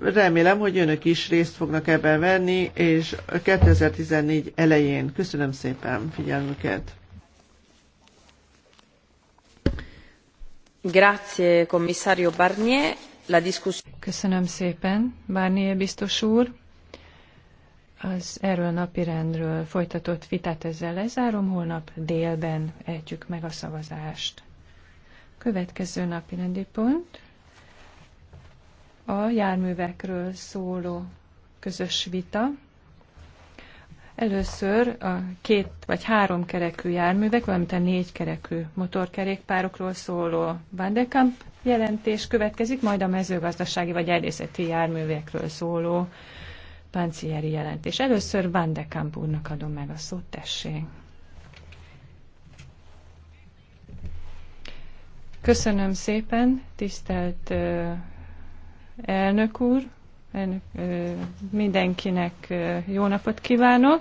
remélem, hogy önök is részt fognak ebben venni, és 2014 elején. Köszönöm szépen figyelmüket. Grazie, commissario Barnier. La discussion... Köszönöm szépen, Barnier biztos úr. Az erről a rendről folytatott vitát ezzel lezárom, holnap délben ejtjük meg a szavazást. Következő napirendi pont a járművekről szóló közös vita. Először a két vagy három kerekű járművek, valamint a négy kerekű motorkerékpárokról szóló Van jelentés következik, majd a mezőgazdasági vagy erdészeti járművekről szóló Pancieri jelentés. Először Van úrnak adom meg a szót, tessék. Köszönöm szépen, tisztelt elnök úr, elnök, mindenkinek jó napot kívánok.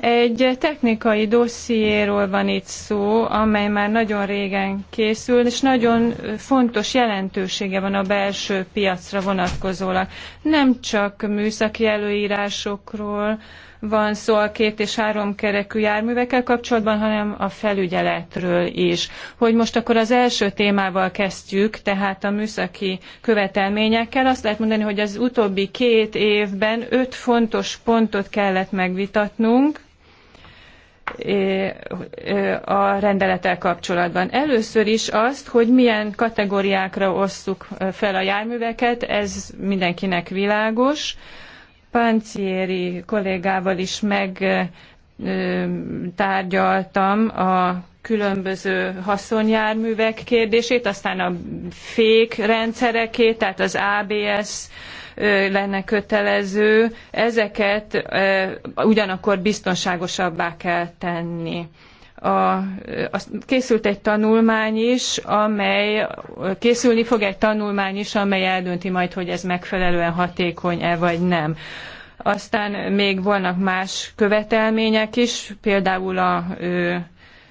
Egy technikai dossziéról van itt szó, amely már nagyon régen készül, és nagyon fontos jelentősége van a belső piacra vonatkozólag. Nem csak műszaki előírásokról, van szó a két és három kerekű járművekkel kapcsolatban, hanem a felügyeletről is. Hogy most akkor az első témával kezdjük, tehát a műszaki követelményekkel, azt lehet mondani, hogy az utóbbi két évben öt fontos pontot kellett megvitatnunk, a rendelettel kapcsolatban. Először is azt, hogy milyen kategóriákra osszuk fel a járműveket, ez mindenkinek világos. Pancieri kollégával is megtárgyaltam a különböző haszonjárművek kérdését, aztán a fék rendszerekét, tehát az ABS lenne kötelező, ezeket ugyanakkor biztonságosabbá kell tenni a, készült egy tanulmány is, amely készülni fog egy tanulmány is, amely eldönti majd, hogy ez megfelelően hatékony-e vagy nem. Aztán még vannak más követelmények is, például a ö,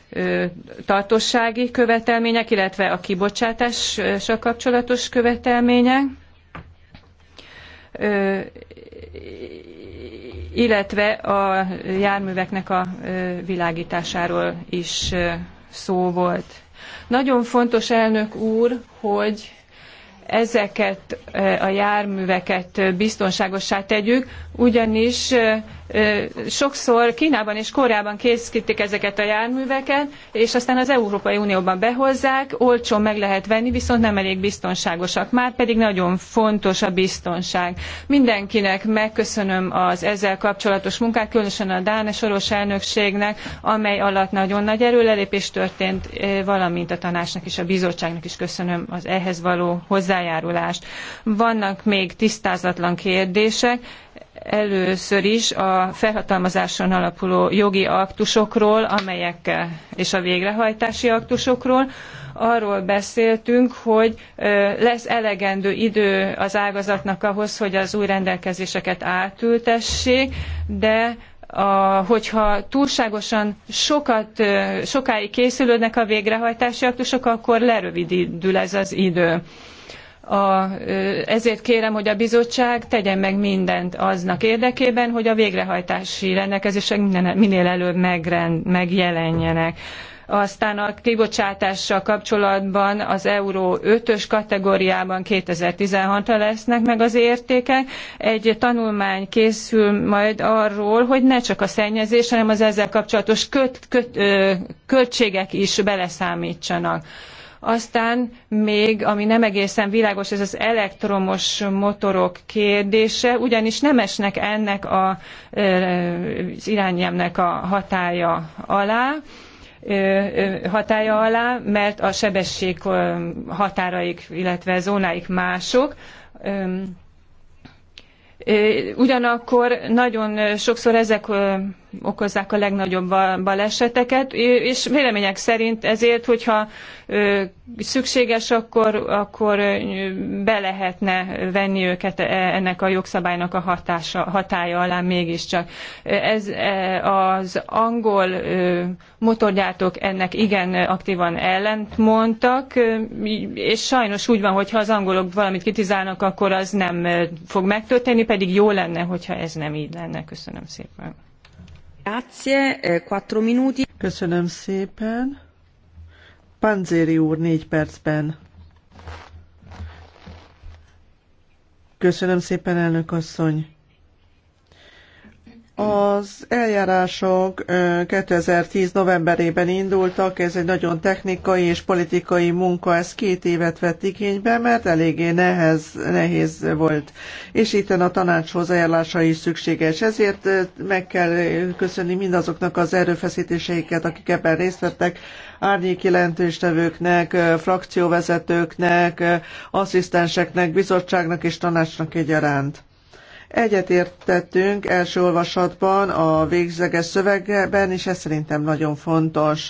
ö, tartossági követelmények, illetve a kibocsátással kapcsolatos követelmények illetve a járműveknek a világításáról is szó volt. Nagyon fontos, elnök úr, hogy ezeket a járműveket biztonságossá tegyük, ugyanis sokszor Kínában és Koreában készítik ezeket a járműveket, és aztán az Európai Unióban behozzák, olcsón meg lehet venni, viszont nem elég biztonságosak. Már pedig nagyon fontos a biztonság. Mindenkinek megköszönöm az ezzel kapcsolatos munkát, különösen a Dán soros elnökségnek, amely alatt nagyon nagy erőlelépés történt, valamint a tanácsnak és a bizottságnak is köszönöm az ehhez való hozzájárulást. Vannak még tisztázatlan kérdések, először is a felhatalmazáson alapuló jogi aktusokról, amelyek és a végrehajtási aktusokról, arról beszéltünk, hogy lesz elegendő idő az ágazatnak ahhoz, hogy az új rendelkezéseket átültessék, de a, hogyha túlságosan sokat, sokáig készülődnek a végrehajtási aktusok, akkor lerövidül ez az idő. A, ezért kérem, hogy a bizottság tegyen meg mindent aznak érdekében, hogy a végrehajtási rendelkezések minden, minél előbb megrend, megjelenjenek. Aztán a kibocsátással kapcsolatban az euró 5-ös kategóriában 2016-ra lesznek meg az értékek. Egy tanulmány készül majd arról, hogy ne csak a szennyezés, hanem az ezzel kapcsolatos költségek is beleszámítsanak aztán még, ami nem egészen világos, ez az elektromos motorok kérdése, ugyanis nem esnek ennek a, az irányelvnek a hatája alá hatája alá, mert a sebesség határaik, illetve zónáik mások. Ugyanakkor nagyon sokszor ezek okozzák a legnagyobb baleseteket, és vélemények szerint ezért, hogyha szükséges, akkor, akkor be lehetne venni őket e, ennek a jogszabálynak a hatása, hatája alá mégiscsak. Ez e, az angol motorgyártók ennek igen aktívan mondtak, és sajnos úgy van, hogyha az angolok valamit kritizálnak, akkor az nem fog megtörténni, pedig jó lenne, hogyha ez nem így lenne. Köszönöm szépen. Grazie, eh, quattro minuti. Köszönöm szépen. Panzéri úr négy percben. Köszönöm szépen, elnök asszony. Az eljárások 2010. novemberében indultak, ez egy nagyon technikai és politikai munka, ez két évet vett igénybe, mert eléggé nehez, nehéz volt. És itt a tanácshoz ajánlása is szükséges. Ezért meg kell köszönni mindazoknak az erőfeszítéseiket, akik ebben részt vettek, árnyék jelentőstevőknek, frakcióvezetőknek, asszisztenseknek, bizottságnak és tanácsnak egyaránt Egyetértettünk első olvasatban a végzeges szövegben, és ez szerintem nagyon fontos.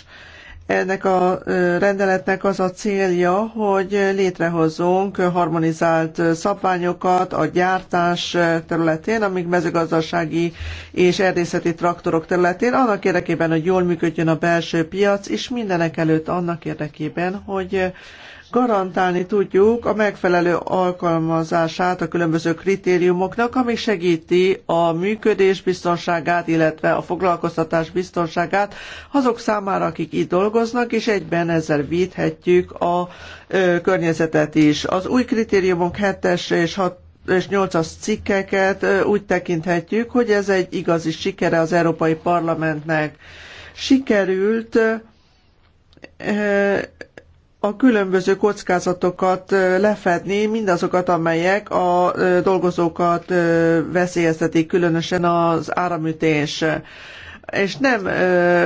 Ennek a rendeletnek az a célja, hogy létrehozzunk harmonizált szabványokat a gyártás területén, amíg mezőgazdasági és erdészeti traktorok területén, annak érdekében, hogy jól működjön a belső piac, és mindenek előtt annak érdekében, hogy garantálni tudjuk a megfelelő alkalmazását a különböző kritériumoknak, ami segíti a működés biztonságát, illetve a foglalkoztatás biztonságát azok számára, akik itt dolgoznak, és egyben ezzel védhetjük a ö, környezetet is. Az új kritériumok 7-es és 6 és 8-as cikkeket úgy tekinthetjük, hogy ez egy igazi sikere az Európai Parlamentnek. Sikerült a különböző kockázatokat lefedni, mindazokat, amelyek a dolgozókat veszélyeztetik, különösen az áramütés és nem,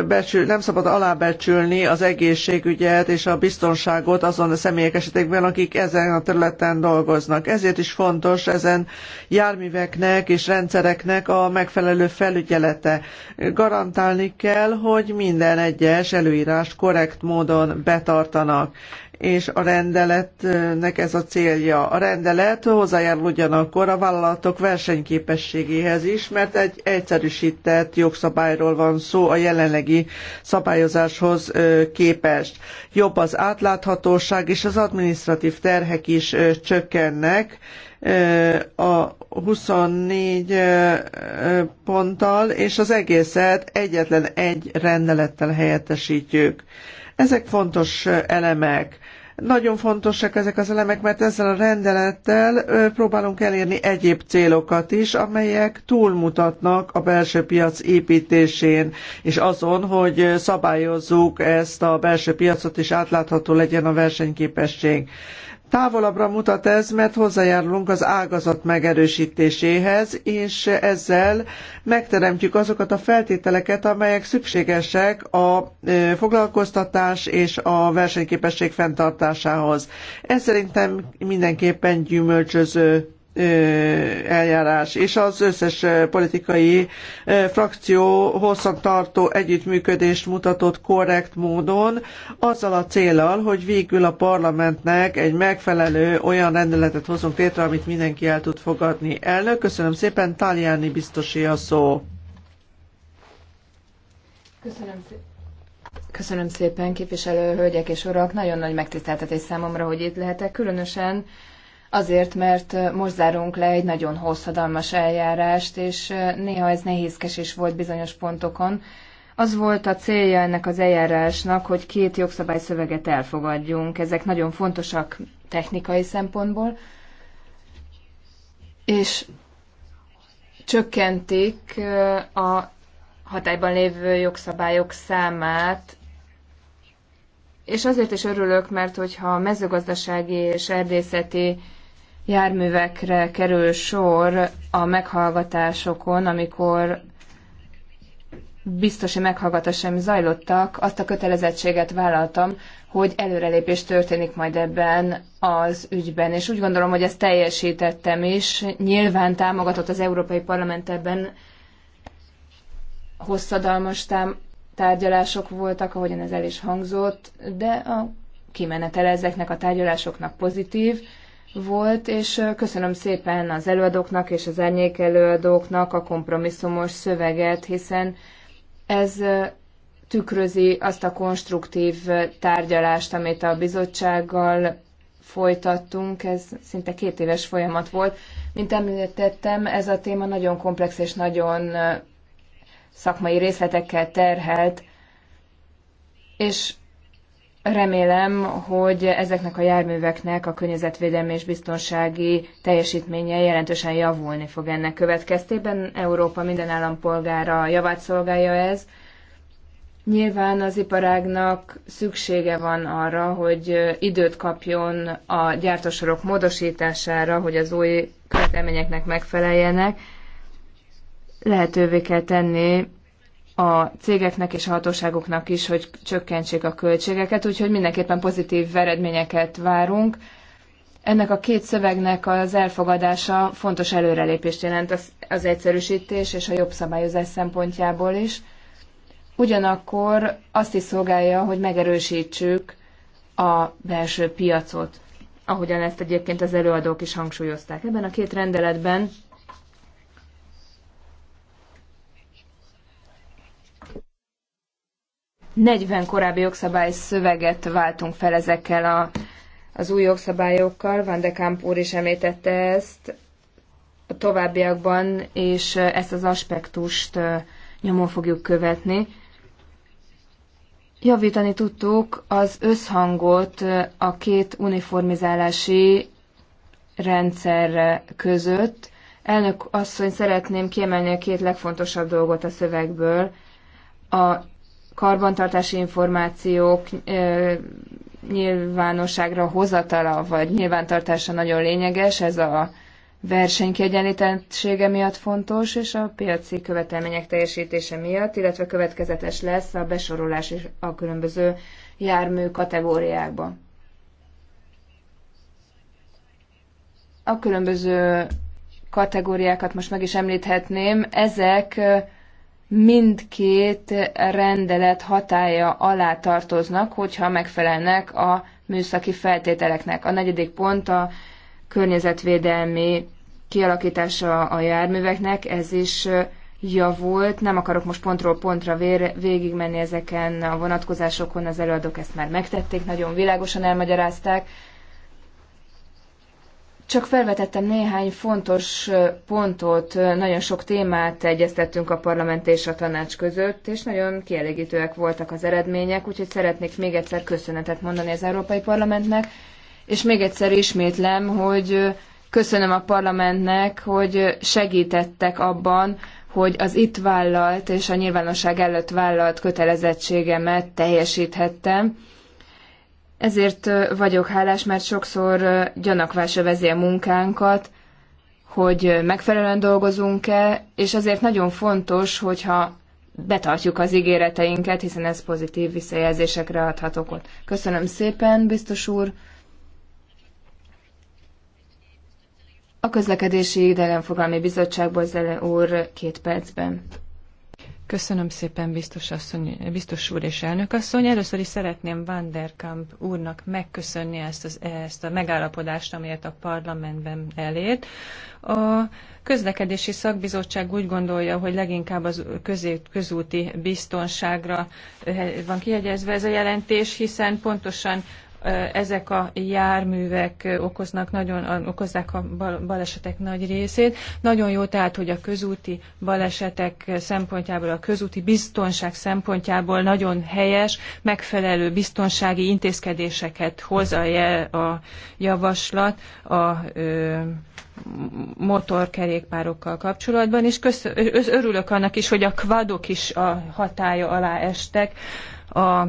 becsül, nem szabad alábecsülni az egészségügyet és a biztonságot azon a személyek esetében, akik ezen a területen dolgoznak. Ezért is fontos ezen járműveknek és rendszereknek a megfelelő felügyelete. Garantálni kell, hogy minden egyes előírást korrekt módon betartanak és a rendeletnek ez a célja. A rendelet hozzájárul ugyanakkor a vállalatok versenyképességéhez is, mert egy egyszerűsített jogszabályról van szó a jelenlegi szabályozáshoz képest. Jobb az átláthatóság, és az adminisztratív terhek is csökkennek, a 24 ponttal, és az egészet egyetlen egy rendelettel helyettesítjük. Ezek fontos elemek. Nagyon fontosak ezek az elemek, mert ezzel a rendelettel próbálunk elérni egyéb célokat is, amelyek túlmutatnak a belső piac építésén, és azon, hogy szabályozzuk ezt a belső piacot, és átlátható legyen a versenyképesség. Távolabbra mutat ez, mert hozzájárulunk az ágazat megerősítéséhez, és ezzel megteremtjük azokat a feltételeket, amelyek szükségesek a foglalkoztatás és a versenyképesség fenntartásához. Ez szerintem mindenképpen gyümölcsöző eljárás, és az összes politikai frakció hosszantartó együttműködést mutatott korrekt módon, azzal a célral, hogy végül a parlamentnek egy megfelelő olyan rendeletet hozunk létre, amit mindenki el tud fogadni. Elnök, köszönöm szépen, Táliáni biztosi a szó. Köszönöm szépen. Köszönöm szépen, képviselő hölgyek és urak. Nagyon nagy megtiszteltetés számomra, hogy itt lehetek. Különösen azért, mert most zárunk le egy nagyon hosszadalmas eljárást, és néha ez nehézkes is volt bizonyos pontokon. Az volt a célja ennek az eljárásnak, hogy két jogszabályszöveget elfogadjunk. Ezek nagyon fontosak technikai szempontból, és csökkentik a hatályban lévő jogszabályok számát, és azért is örülök, mert hogyha mezőgazdasági és erdészeti járművekre kerül sor a meghallgatásokon, amikor biztosi sem zajlottak, azt a kötelezettséget vállaltam, hogy előrelépés történik majd ebben az ügyben. És úgy gondolom, hogy ezt teljesítettem is. Nyilván támogatott az Európai Parlament ebben hosszadalmas tám- tárgyalások voltak, ahogyan ez el is hangzott, de a kimenetele ezeknek a tárgyalásoknak pozitív volt, és köszönöm szépen az előadóknak és az árnyék előadóknak a kompromisszumos szöveget, hiszen ez tükrözi azt a konstruktív tárgyalást, amit a bizottsággal folytattunk, ez szinte két éves folyamat volt. Mint említettem, ez a téma nagyon komplex és nagyon szakmai részletekkel terhelt, és Remélem, hogy ezeknek a járműveknek a környezetvédelmi és biztonsági teljesítménye jelentősen javulni fog ennek következtében. Európa minden állampolgára javát szolgálja ez. Nyilván az iparágnak szüksége van arra, hogy időt kapjon a gyártósorok módosítására, hogy az új követelményeknek megfeleljenek. Lehetővé kell tenni a cégeknek és a hatóságoknak is, hogy csökkentsék a költségeket, úgyhogy mindenképpen pozitív eredményeket várunk. Ennek a két szövegnek az elfogadása fontos előrelépést jelent az, az egyszerűsítés és a jobb szabályozás szempontjából is. Ugyanakkor azt is szolgálja, hogy megerősítsük a belső piacot, ahogyan ezt egyébként az előadók is hangsúlyozták. Ebben a két rendeletben 40 korábbi jogszabály szöveget váltunk fel ezekkel a, az új jogszabályokkal. Van de Kamp úr is említette ezt a továbbiakban, és ezt az aspektust nyomon fogjuk követni. Javítani tudtuk az összhangot a két uniformizálási rendszer között. Elnök asszony, szeretném kiemelni a két legfontosabb dolgot a szövegből. A karbantartási információk nyilvánosságra hozatala vagy nyilvántartása nagyon lényeges, ez a verseny kiegyenlítettsége miatt fontos, és a piaci követelmények teljesítése miatt, illetve következetes lesz a besorolás és a különböző jármű kategóriákba. A különböző kategóriákat most meg is említhetném, ezek mindkét rendelet hatája alá tartoznak, hogyha megfelelnek a műszaki feltételeknek. A negyedik pont a környezetvédelmi kialakítása a járműveknek, ez is javult. Nem akarok most pontról pontra végigmenni ezeken a vonatkozásokon, az előadók ezt már megtették, nagyon világosan elmagyarázták, csak felvetettem néhány fontos pontot, nagyon sok témát egyeztettünk a parlament és a tanács között, és nagyon kielégítőek voltak az eredmények, úgyhogy szeretnék még egyszer köszönetet mondani az Európai Parlamentnek, és még egyszer ismétlem, hogy köszönöm a parlamentnek, hogy segítettek abban, hogy az itt vállalt és a nyilvánosság előtt vállalt kötelezettségemet teljesíthettem ezért vagyok hálás, mert sokszor gyanakvás övezi a munkánkat, hogy megfelelően dolgozunk-e, és azért nagyon fontos, hogyha betartjuk az ígéreteinket, hiszen ez pozitív visszajelzésekre adhat okot. Köszönöm szépen, biztos úr! A közlekedési idegenfogalmi bizottságból Zele úr két percben. Köszönöm szépen, biztos, asszony, biztos úr és elnök asszony. Először is szeretném Van der Kamp úrnak megköszönni ezt, az, ezt a megállapodást, amelyet a parlamentben elért. A közlekedési szakbizottság úgy gondolja, hogy leginkább az közé, közúti biztonságra van kihegyezve ez a jelentés, hiszen pontosan ezek a járművek okoznak nagyon, okozzák a balesetek nagy részét. Nagyon jó tehát, hogy a közúti balesetek szempontjából, a közúti biztonság szempontjából nagyon helyes, megfelelő biztonsági intézkedéseket hoz a, a javaslat a ö, motorkerékpárokkal kapcsolatban, és köszön, örülök annak is, hogy a kvadok is a hatája alá estek. A,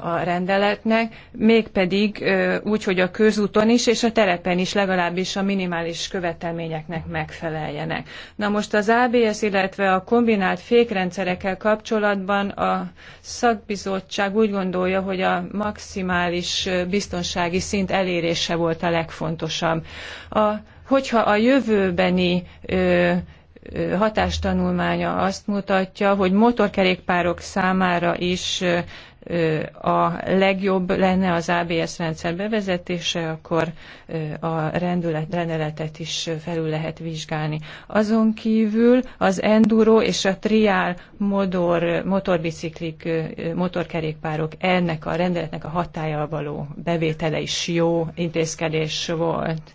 a rendeletnek, mégpedig úgy, hogy a közúton is és a terepen is legalábbis a minimális követelményeknek megfeleljenek. Na most az ABS, illetve a kombinált fékrendszerekkel kapcsolatban a szakbizottság úgy gondolja, hogy a maximális biztonsági szint elérése volt a legfontosabb. A, hogyha a jövőbeni ö, hatástanulmánya azt mutatja, hogy motorkerékpárok számára is a legjobb lenne az ABS rendszer bevezetése, akkor a rendület, rendeletet is felül lehet vizsgálni. Azon kívül az enduro és a triál motor, motorbiciklik, motorkerékpárok ennek a rendeletnek a hatája való bevétele is jó intézkedés volt.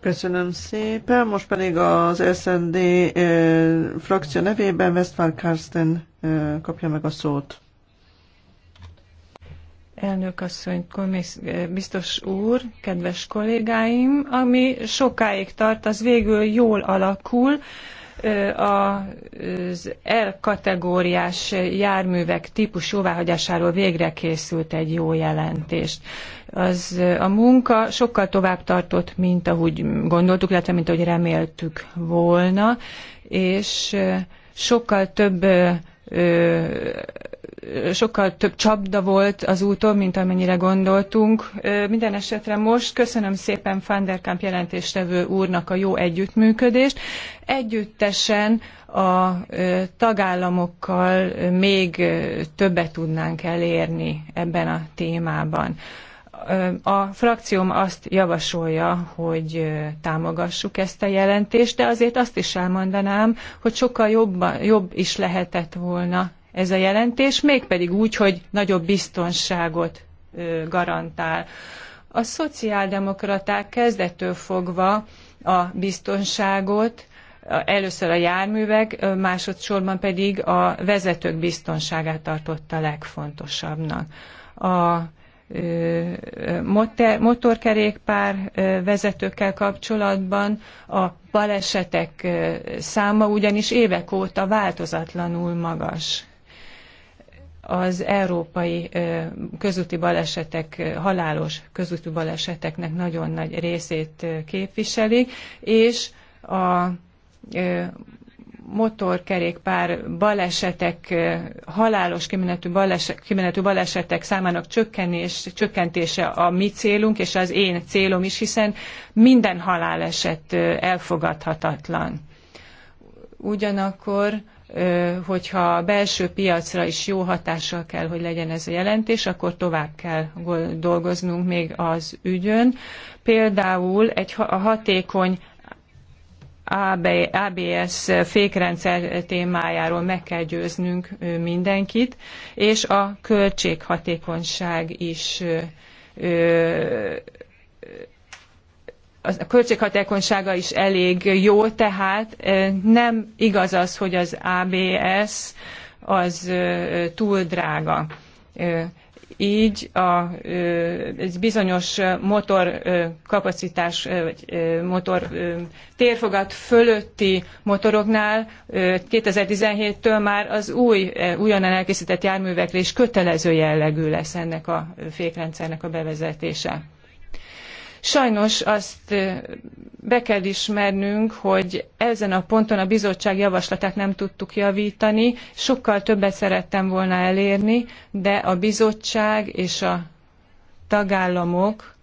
Köszönöm szépen. Most pedig az SND eh, frakció nevében Westphal Karsten eh, kapja meg a szót. Elnök asszony, eh, biztos úr, kedves kollégáim, ami sokáig tart, az végül jól alakul az R kategóriás járművek típus jóváhagyásáról végre készült egy jó jelentést. Az, a munka sokkal tovább tartott, mint ahogy gondoltuk, illetve mint ahogy reméltük volna, és sokkal több sokkal több csapda volt az úton, mint amennyire gondoltunk. Minden esetre most köszönöm szépen Van der Kamp jelentéstevő úrnak a jó együttműködést. Együttesen a tagállamokkal még többet tudnánk elérni ebben a témában a frakcióm azt javasolja, hogy támogassuk ezt a jelentést, de azért azt is elmondanám, hogy sokkal jobban, jobb is lehetett volna ez a jelentés, mégpedig úgy, hogy nagyobb biztonságot garantál. A szociáldemokraták kezdettől fogva a biztonságot, először a járművek, másodszorban pedig a vezetők biztonságát tartotta legfontosabbnak. A motorkerékpár vezetőkkel kapcsolatban a balesetek száma ugyanis évek óta változatlanul magas. Az európai közúti balesetek, halálos közúti baleseteknek nagyon nagy részét képviselik, és a motorkerékpár balesetek, halálos kimenetű, baleset, kimenetű balesetek számának csökkenés, csökkentése a mi célunk, és az én célom is, hiszen minden haláleset elfogadhatatlan. Ugyanakkor hogyha a belső piacra is jó hatással kell, hogy legyen ez a jelentés, akkor tovább kell dolgoznunk még az ügyön. Például egy a hatékony ABS fékrendszer témájáról meg kell győznünk mindenkit, és a költséghatékonyság is a költséghatékonysága is elég jó, tehát nem igaz az, hogy az ABS az túl drága így a, egy bizonyos motor kapacitás, vagy motor térfogat fölötti motoroknál 2017-től már az új, újonnan elkészített járművekre is kötelező jellegű lesz ennek a fékrendszernek a bevezetése. Sajnos azt be kell ismernünk, hogy ezen a ponton a bizottság javaslatát nem tudtuk javítani, sokkal többet szerettem volna elérni, de a bizottság és a tagállamok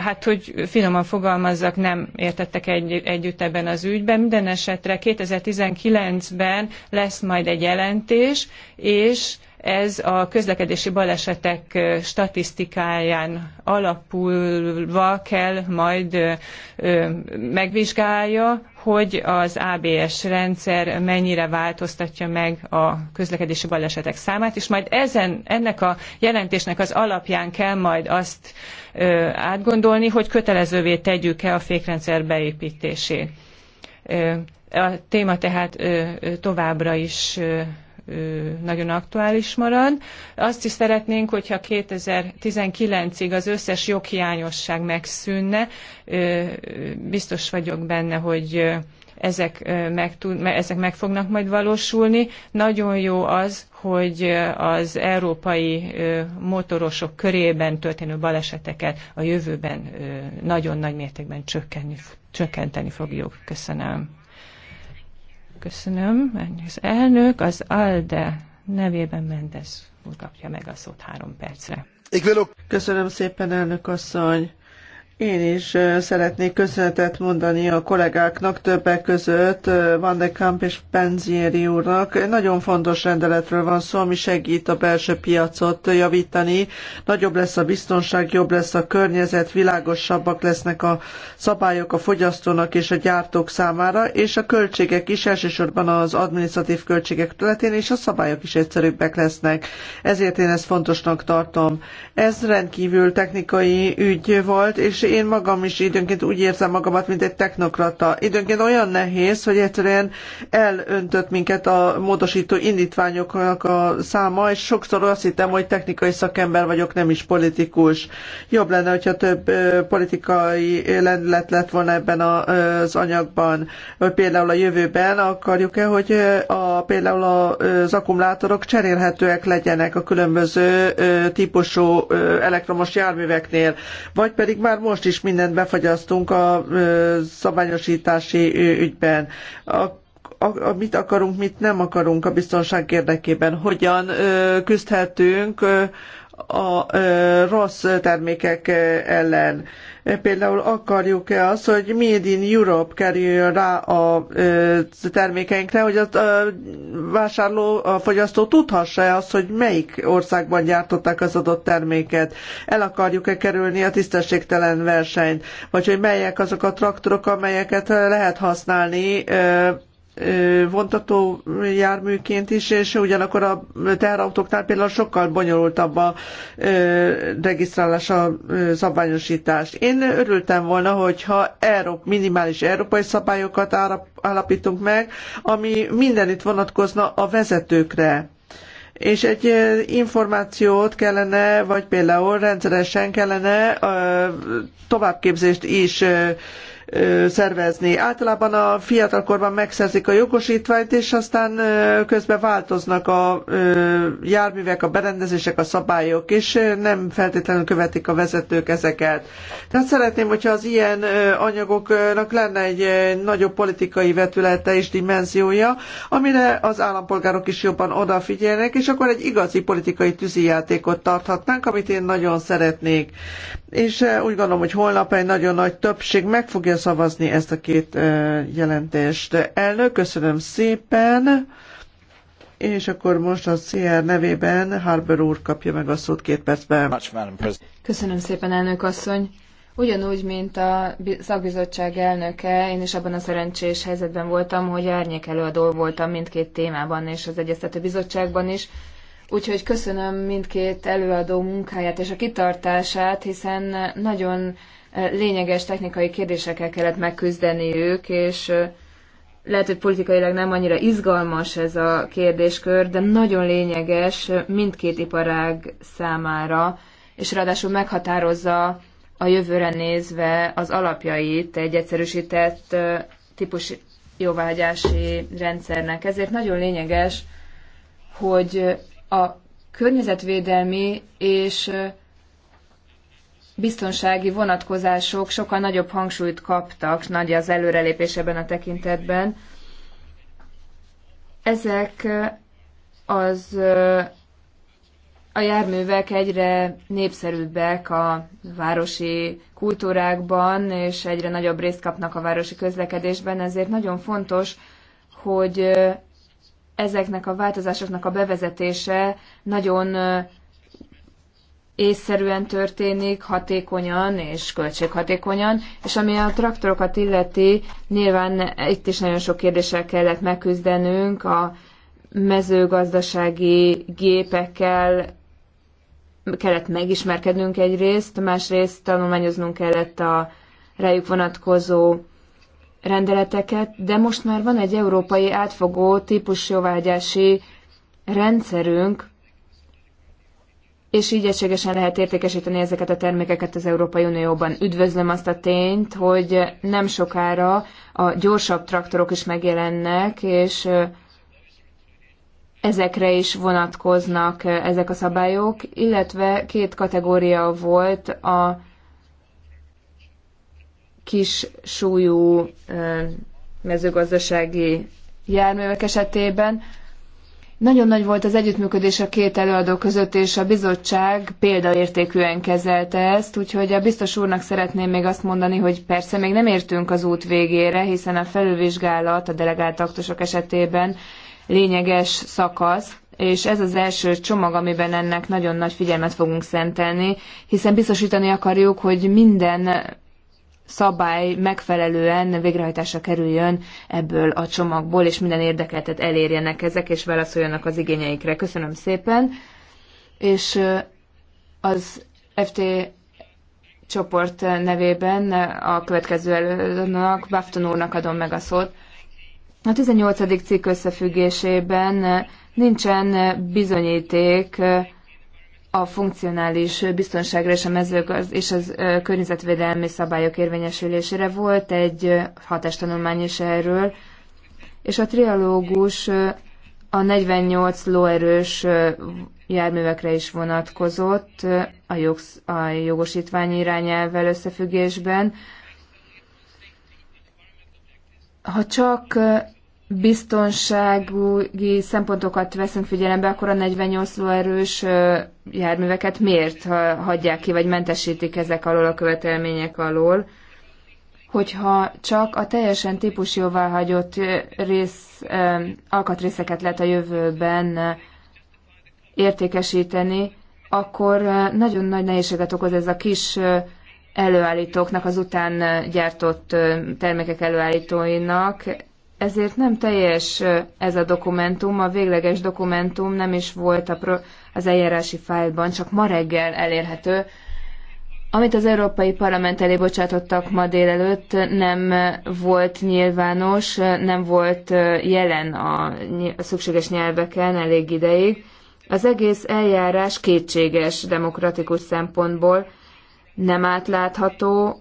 hát hogy finoman fogalmazzak, nem értettek egy, együtt ebben az ügyben. Minden esetre 2019-ben lesz majd egy jelentés, és ez a közlekedési balesetek statisztikáján alapulva kell majd megvizsgálja, hogy az ABS rendszer mennyire változtatja meg a közlekedési balesetek számát, és majd ezen, ennek a jelentésnek az alapján kell majd azt ö, átgondolni, hogy kötelezővé tegyük-e a fékrendszer beépítését. Ö, a téma tehát ö, továbbra is nagyon aktuális marad. Azt is szeretnénk, hogyha 2019-ig az összes joghiányosság megszűnne. Biztos vagyok benne, hogy ezek meg, tud, ezek meg fognak majd valósulni. Nagyon jó az, hogy az európai motorosok körében történő baleseteket a jövőben nagyon nagy mértékben csökkenni, csökkenteni fogjuk. Köszönöm. Köszönöm, az elnök, az ALDE nevében Mendez úr kapja meg a szót három percre. Köszönöm szépen, elnök asszony! Én is szeretnék köszönetet mondani a kollégáknak, többek között Van de Kamp és Penzieri úrnak. Nagyon fontos rendeletről van szó, ami segít a belső piacot javítani. Nagyobb lesz a biztonság, jobb lesz a környezet, világosabbak lesznek a szabályok a fogyasztónak és a gyártók számára, és a költségek is, elsősorban az administratív költségek területén, és a szabályok is egyszerűbbek lesznek. Ezért én ezt fontosnak tartom. Ez rendkívül technikai ügy volt, és én magam is időnként úgy érzem magamat, mint egy technokrata. Időnként olyan nehéz, hogy egyszerűen elöntött minket a módosító indítványoknak a száma, és sokszor azt hittem, hogy technikai szakember vagyok, nem is politikus. Jobb lenne, hogyha több politikai lendület lett volna ebben az anyagban. Például a jövőben akarjuk-e, hogy a, például az akkumulátorok cserélhetőek legyenek a különböző típusú elektromos járműveknél, vagy pedig már most most is mindent befagyasztunk a szabályosítási ügyben. A mit akarunk, mit nem akarunk a biztonság érdekében, hogyan küzdhetünk a rossz termékek ellen. Például akarjuk-e azt, hogy Made in Europe kerüljön rá a termékeinkre, hogy a vásárló, a fogyasztó tudhassa-e azt, hogy melyik országban gyártották az adott terméket. El akarjuk-e kerülni a tisztességtelen versenyt, vagy hogy melyek azok a traktorok, amelyeket lehet használni vontató járműként is, és ugyanakkor a teherautóknál például sokkal bonyolultabb a regisztrálás, a szabványosítás. Én örültem volna, hogyha Európ, minimális európai szabályokat állapítunk meg, ami mindenütt vonatkozna a vezetőkre és egy információt kellene, vagy például rendszeresen kellene továbbképzést is szervezni. Általában a fiatalkorban megszerzik a jogosítványt, és aztán közben változnak a járművek, a berendezések, a szabályok, és nem feltétlenül követik a vezetők ezeket. Tehát szeretném, hogyha az ilyen anyagoknak lenne egy nagyobb politikai vetülete és dimenziója, amire az állampolgárok is jobban odafigyelnek, és akkor egy igazi politikai tűzijátékot tarthatnánk, amit én nagyon szeretnék. És úgy gondolom, hogy holnap egy nagyon nagy többség meg fogja szavazni ezt a két jelentést. Elnök, köszönöm szépen, és akkor most a CR nevében Harbour úr kapja meg a szót két percben. Köszönöm szépen, elnök asszony. Ugyanúgy, mint a szakbizottság elnöke, én is abban a szerencsés helyzetben voltam, hogy árnyék előadó voltam mindkét témában és az Egyeztető Bizottságban is. Úgyhogy köszönöm mindkét előadó munkáját és a kitartását, hiszen nagyon lényeges technikai kérdésekkel kellett megküzdeni ők, és lehet, hogy politikailag nem annyira izgalmas ez a kérdéskör, de nagyon lényeges mindkét iparág számára, és ráadásul meghatározza a jövőre nézve az alapjait egy egyszerűsített típus jóváhagyási rendszernek. Ezért nagyon lényeges, hogy a környezetvédelmi és biztonsági vonatkozások sokkal nagyobb hangsúlyt kaptak, nagy az előrelépés ebben a tekintetben. Ezek az a járművek egyre népszerűbbek a városi kultúrákban, és egyre nagyobb részt kapnak a városi közlekedésben, ezért nagyon fontos, hogy ezeknek a változásoknak a bevezetése nagyon észszerűen történik, hatékonyan és költséghatékonyan, és ami a traktorokat illeti, nyilván itt is nagyon sok kérdéssel kellett megküzdenünk, a mezőgazdasági gépekkel kellett megismerkednünk egyrészt, másrészt tanulmányoznunk kellett a rájuk vonatkozó rendeleteket, de most már van egy európai átfogó típusjóvágyási rendszerünk, és így egységesen lehet értékesíteni ezeket a termékeket az Európai Unióban. Üdvözlöm azt a tényt, hogy nem sokára a gyorsabb traktorok is megjelennek, és ezekre is vonatkoznak ezek a szabályok, illetve két kategória volt a kis súlyú mezőgazdasági járművek esetében. Nagyon nagy volt az együttműködés a két előadó között, és a bizottság példaértékűen kezelte ezt, úgyhogy a biztos úrnak szeretném még azt mondani, hogy persze még nem értünk az út végére, hiszen a felülvizsgálat a delegált aktusok esetében lényeges szakasz, és ez az első csomag, amiben ennek nagyon nagy figyelmet fogunk szentelni, hiszen biztosítani akarjuk, hogy minden szabály megfelelően végrehajtásra kerüljön ebből a csomagból, és minden érdekeltet elérjenek ezek, és válaszoljanak az igényeikre. Köszönöm szépen. És az FT csoport nevében a következő előadónak, Bafton úrnak adom meg a szót. A 18. cikk összefüggésében nincsen bizonyíték a funkcionális biztonságra és, a mezőgazd- és az környezetvédelmi szabályok érvényesülésére. Volt egy hatástanulmány is erről, és a trialógus a 48 lóerős járművekre is vonatkozott a, jogsz, a jogosítvány irányelvvel összefüggésben. Ha csak biztonsági szempontokat veszünk figyelembe, akkor a 48 lóerős járműveket miért hagyják ki, vagy mentesítik ezek alól a követelmények alól? Hogyha csak a teljesen jóvá hagyott rész, alkatrészeket lehet a jövőben értékesíteni, akkor nagyon nagy nehézséget okoz ez a kis előállítóknak, az után gyártott termékek előállítóinak, ezért nem teljes ez a dokumentum, a végleges dokumentum nem is volt a pro az eljárási fájlban, csak ma reggel elérhető. Amit az Európai Parlament elé bocsátottak ma délelőtt, nem volt nyilvános, nem volt jelen a szükséges nyelveken elég ideig. Az egész eljárás kétséges demokratikus szempontból, nem átlátható,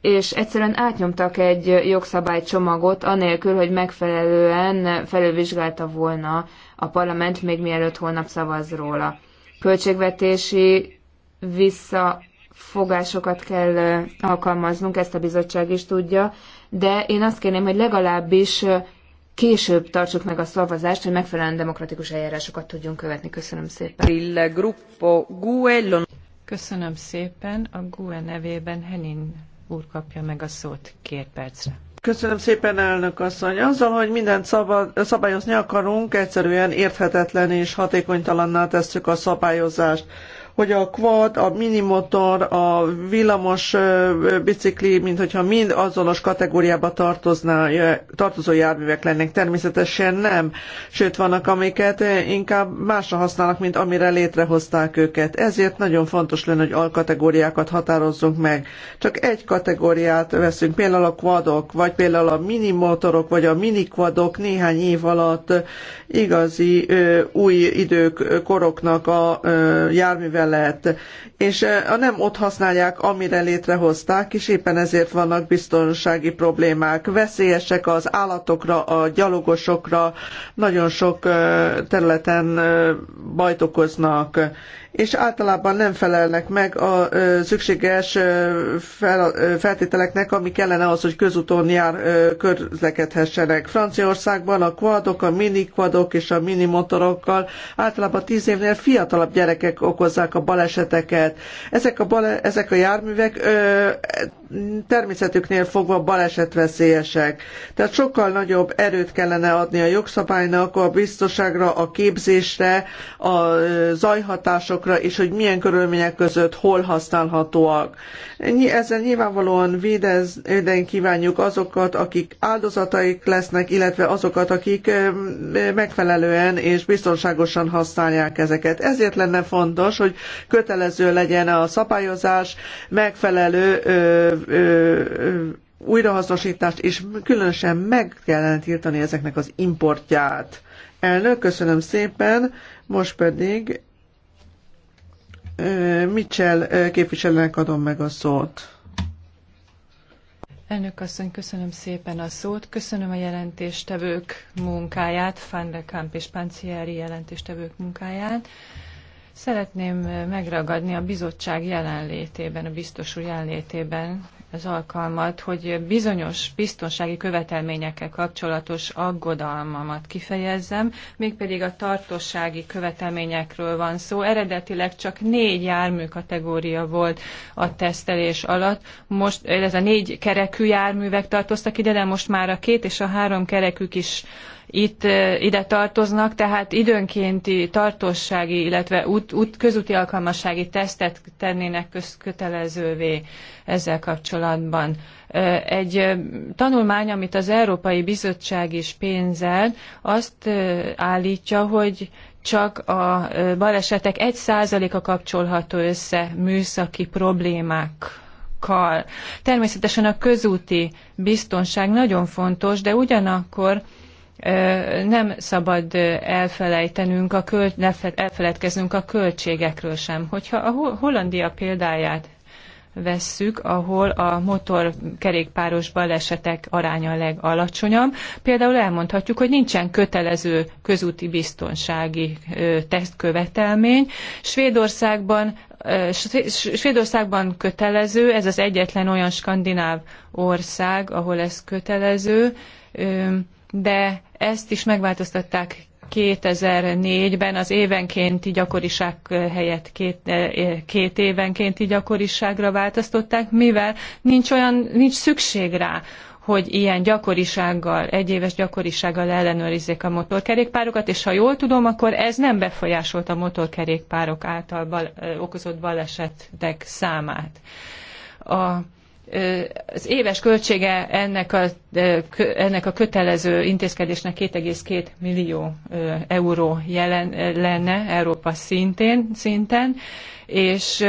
és egyszerűen átnyomtak egy jogszabálycsomagot, anélkül, hogy megfelelően felülvizsgálta volna a parlament, még mielőtt holnap szavaz róla. Költségvetési visszafogásokat kell alkalmaznunk, ezt a bizottság is tudja, de én azt kérném, hogy legalábbis később tartsuk meg a szavazást, hogy megfelelően demokratikus eljárásokat tudjunk követni. Köszönöm szépen. Il gruppo Köszönöm szépen. A GUE nevében Henin úr kapja meg a szót két percre. Köszönöm szépen, elnök asszony. Azzal, hogy mindent szabad, szabályozni akarunk, egyszerűen érthetetlen és hatékonytalanná tesszük a szabályozást hogy a quad, a minimotor, a villamos bicikli, mint hogyha mind azonos kategóriába tartozná, tartozó járművek lennének. Természetesen nem, sőt vannak, amiket inkább másra használnak, mint amire létrehozták őket. Ezért nagyon fontos lenne, hogy alkategóriákat határozzunk meg. Csak egy kategóriát veszünk, például a quadok, vagy például a minimotorok, vagy a minikvadok néhány év alatt igazi új idők koroknak a járművel mellett, és e, a nem ott használják, amire létrehozták, és éppen ezért vannak biztonsági problémák. Veszélyesek az állatokra, a gyalogosokra, nagyon sok e, területen e, bajt okoznak, és általában nem felelnek meg a szükséges feltételeknek, ami kellene ahhoz, hogy közúton jár közlekedhessenek. Franciaországban a quadok, a mini quadok és a mini motorokkal általában tíz évnél fiatalabb gyerekek okozzák a a baleseteket. Ezek a, bale, ezek a járművek ö, természetüknél fogva balesetveszélyesek. Tehát sokkal nagyobb erőt kellene adni a jogszabálynak, a biztonságra, a képzésre, a zajhatásokra, és hogy milyen körülmények között hol használhatóak. Ezzel nyilvánvalóan védez, védeni kívánjuk azokat, akik áldozataik lesznek, illetve azokat, akik megfelelően és biztonságosan használják ezeket. Ezért lenne fontos, hogy kötelező legyen a szabályozás, megfelelő ö, ö, újrahasznosítást, és különösen meg kellene tiltani ezeknek az importját. Elnök, köszönöm szépen, most pedig Mitchell képviselőnek adom meg a szót. Elnök asszony, köszönöm szépen a szót. Köszönöm a jelentéstevők munkáját, Fandekamp és Pancieri jelentéstevők munkáját. Szeretném eh, megragadni a bizottság jelenlétében, a biztos úr jelenlétében az alkalmat, hogy bizonyos biztonsági követelményekkel kapcsolatos aggodalmamat kifejezzem, mégpedig a tartossági követelményekről van szó. Eredetileg csak négy jármű kategória volt a tesztelés alatt. Most eh, ez a négy kerekű járművek tartoztak ide, de most már a két és a három kerekük is itt ide tartoznak, tehát időnkénti tartósági, illetve út, út, közúti alkalmassági tesztet tennének köz, kötelezővé ezzel kapcsolatban. Egy tanulmány, amit az Európai Bizottság is pénzel, azt állítja, hogy csak a balesetek 1%-a kapcsolható össze műszaki problémák Természetesen a közúti biztonság nagyon fontos, de ugyanakkor nem szabad elfelejtenünk a költ, elfeledkeznünk a költségekről sem. Hogyha a Hollandia példáját vesszük, ahol a motorkerékpáros balesetek aránya a legalacsonyabb. Például elmondhatjuk, hogy nincsen kötelező közúti biztonsági tesztkövetelmény. Svédországban Svédországban kötelező, ez az egyetlen olyan skandináv ország, ahol ez kötelező de ezt is megváltoztatták 2004-ben az évenkénti gyakoriság helyett két, e, e, két évenkénti gyakoriságra változtották, mivel nincs olyan, nincs szükség rá, hogy ilyen gyakorisággal, egyéves gyakorisággal ellenőrizzék a motorkerékpárokat, és ha jól tudom, akkor ez nem befolyásolt a motorkerékpárok által bal, okozott balesetek számát. A az éves költsége ennek a, ennek a kötelező intézkedésnek 2,2 millió euró jelen, lenne Európa szintén, szinten, és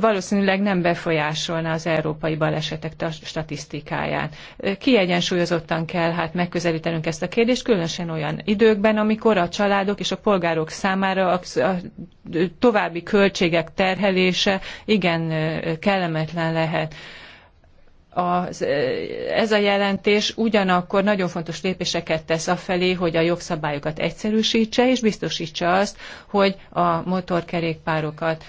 valószínűleg nem befolyásolná az európai balesetek statisztikáját. Kiegyensúlyozottan kell hát megközelítenünk ezt a kérdést, különösen olyan időkben, amikor a családok és a polgárok számára a, további költségek terhelése igen kellemetlen lehet az, ez a jelentés ugyanakkor nagyon fontos lépéseket tesz afelé, hogy a jogszabályokat egyszerűsítse, és biztosítsa azt, hogy a motorkerékpárokat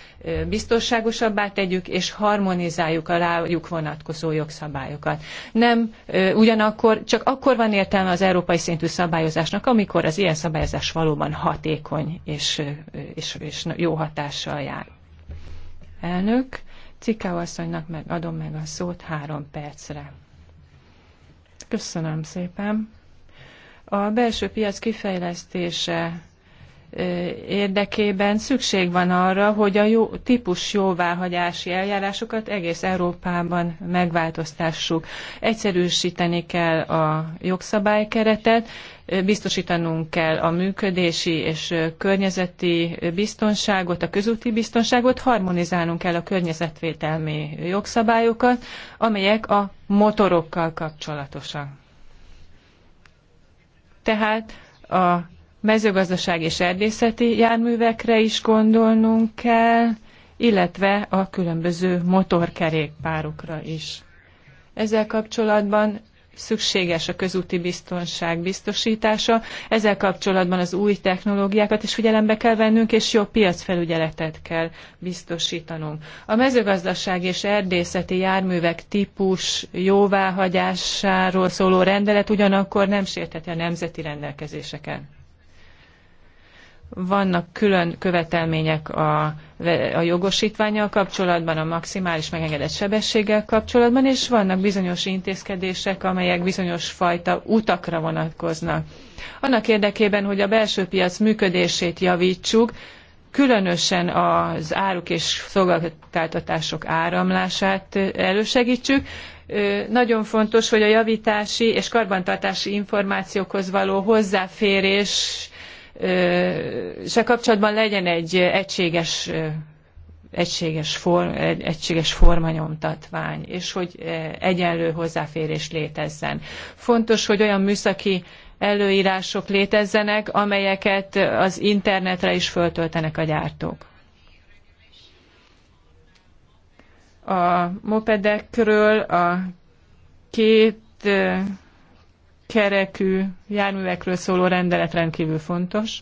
biztonságosabbá tegyük, és harmonizáljuk a rájuk vonatkozó jogszabályokat. Nem ugyanakkor, csak akkor van értelme az európai szintű szabályozásnak, amikor az ilyen szabályozás valóban hatékony és, és, és jó hatással jár. Elnök. Cikáó asszonynak meg adom meg a szót három percre. Köszönöm szépen. A belső piac kifejlesztése érdekében szükség van arra, hogy a jó, típus jóváhagyási eljárásokat egész Európában megváltoztassuk. Egyszerűsíteni kell a jogszabálykeretet, biztosítanunk kell a működési és környezeti biztonságot, a közúti biztonságot, harmonizálnunk kell a környezetvédelmi jogszabályokat, amelyek a motorokkal kapcsolatosak. Tehát a mezőgazdaság és erdészeti járművekre is gondolnunk kell, illetve a különböző motorkerékpárokra is. Ezzel kapcsolatban szükséges a közúti biztonság biztosítása. Ezzel kapcsolatban az új technológiákat is figyelembe kell vennünk, és jó piacfelügyeletet kell biztosítanunk. A mezőgazdaság és erdészeti járművek típus jóváhagyásáról szóló rendelet ugyanakkor nem sértheti a nemzeti rendelkezéseket vannak külön követelmények a, a jogosítványjal kapcsolatban, a maximális megengedett sebességgel kapcsolatban, és vannak bizonyos intézkedések, amelyek bizonyos fajta utakra vonatkoznak. Annak érdekében, hogy a belső piac működését javítsuk, különösen az áruk és szolgáltatások áramlását elősegítsük, nagyon fontos, hogy a javítási és karbantartási információkhoz való hozzáférés se kapcsolatban legyen egy egységes egységes, form, egységes formanyomtatvány, és hogy egyenlő hozzáférés létezzen. Fontos, hogy olyan műszaki előírások létezzenek, amelyeket az internetre is föltöltenek a gyártók. A mopedekről a két kerekű járművekről szóló rendelet rendkívül fontos.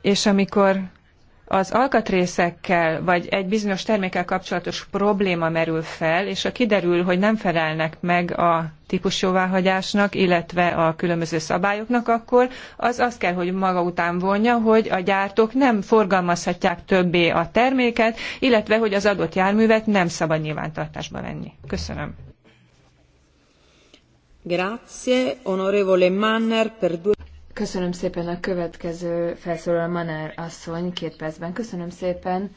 És amikor az alkatrészekkel vagy egy bizonyos termékkel kapcsolatos probléma merül fel, és a kiderül, hogy nem felelnek meg a típusjóváhagyásnak, illetve a különböző szabályoknak, akkor az azt kell, hogy maga után vonja, hogy a gyártók nem forgalmazhatják többé a terméket, illetve hogy az adott járművet nem szabad nyilvántartásba venni. Köszönöm. Köszönöm szépen a következő felszólaló Manner asszony két percben. Köszönöm szépen.